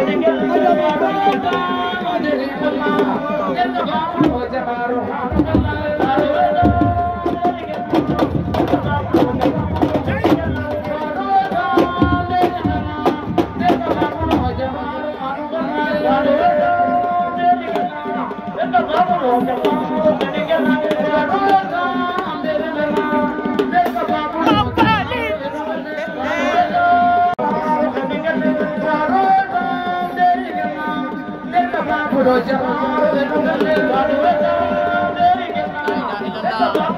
Thank you.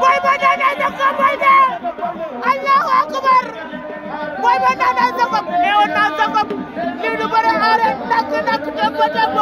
Boy Banda day def ko Boy de Allahu akbar Boy Banda day sokop neewoon naa sokop lii du bëre arène nak nak dem ba dem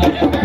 Thank you.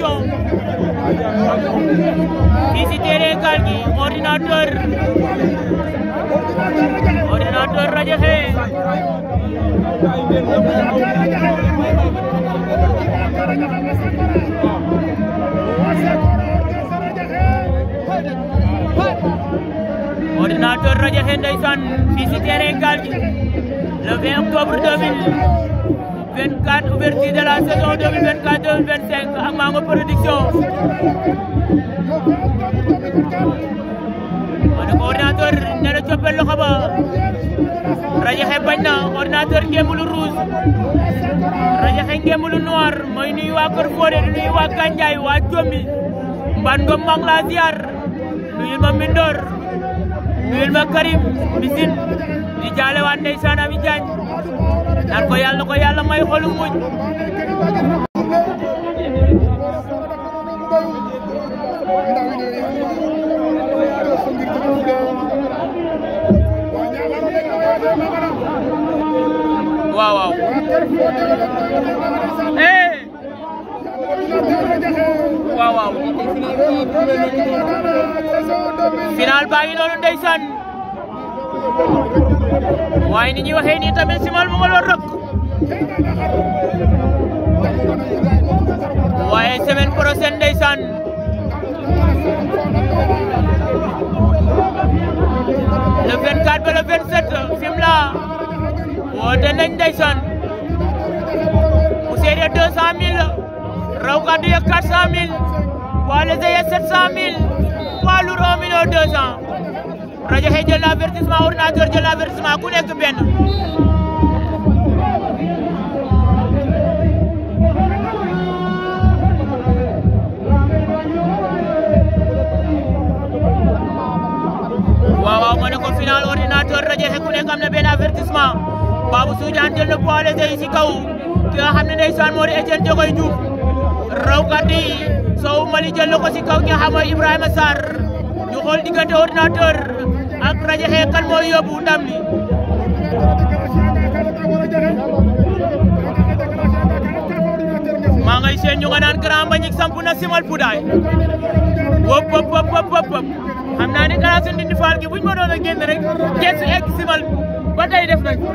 CCTV कार coordinator coordinator Rajat है ऑर्डिनेटर रजत है दैसन सीसीटीवी कार की 20 अक्टूबर 2000 24, ouverture de la saison 2024-2025 à Mango Production. Mon ordinateur n'a le le Raja Hebana, ordinateur qui rouge. Raja Henge noir. Moi, il n'y a pas de forêt, il n'y a pas de ganjaï, ou à Tchomi. Bando Manglaziar, Sana naan ko yàlla na ko yàlla may xolu muñ waaw waaw eh waaw waaw final baa ngi noonu ndeysaan waaye ni ñuy waxee nii Simal mu nga doon rëkk waaye semaine prochaine ndeysaan le 24 ba le 27 Fimela woote nañ ndeysaan bu seede 200000 raw gàddu ya 400000 poids léger ya 700000 poids lourd 1 million 200 rajo xëy jël na avertissement ordinateur jël na avertissement ku nekk benn. waaw waaw ne ko final ordinateur rajo xëy ku nekk am na benn avertissement Babou Soudiane jël na poids léger yi kaw ki nga xam ne ndeysaan moo di Etienne Diokoy Diouf raw gàddi yi Sow jël na ko ci kaw ki nga xam Ibrahima Sarr. ñu xool diggante ordinateur ak rajo xee kan mooy yóbbu ndam li maa ngay seen ñu nga naan grand mbañik sampu na simal pudaay wop wop wop wop wop xam naa ni kala suñu dindi faal gi buñ ma doon a génn rek gees egg simal ba tey def nañ ko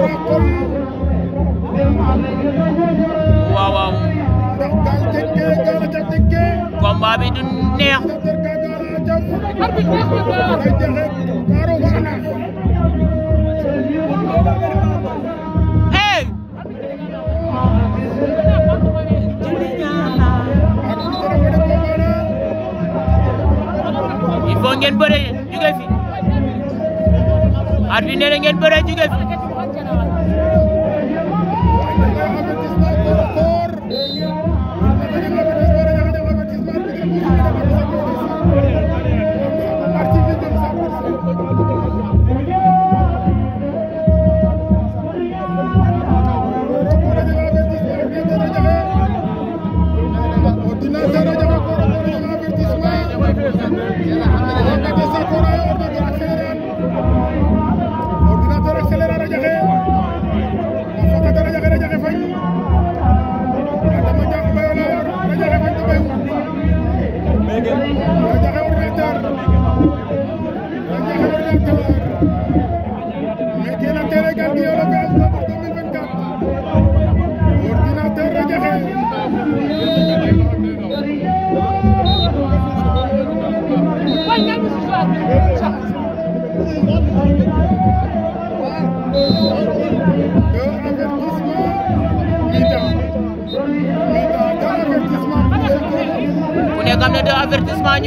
waaw waaw. combat bi du neex. hey. il faut ngeen bëree jóge fi. at bi nee na ngeen bëree jóge fi.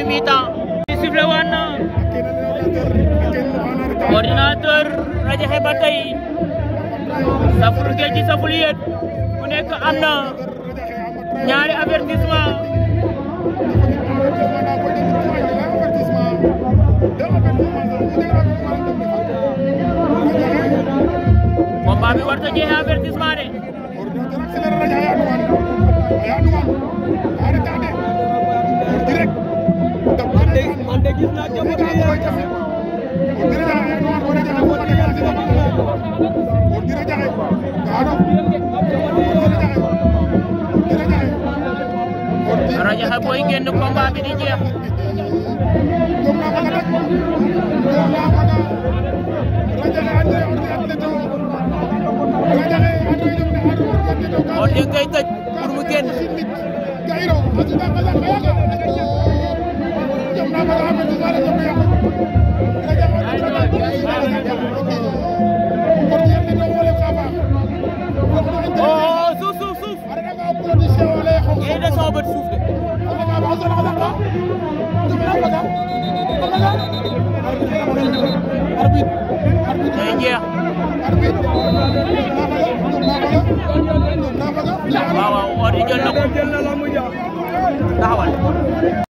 du mi-temps i sifflé waat na ordinateur na joxe ba tey saful géej gi saful yéet ku nekk am na ñaari avertissement combat bi war ta jeexee avertissement de Raja Haboy génn combat bi di jeex. Ordinateur ngay tëj waaw waaw war na jël na ko taxawal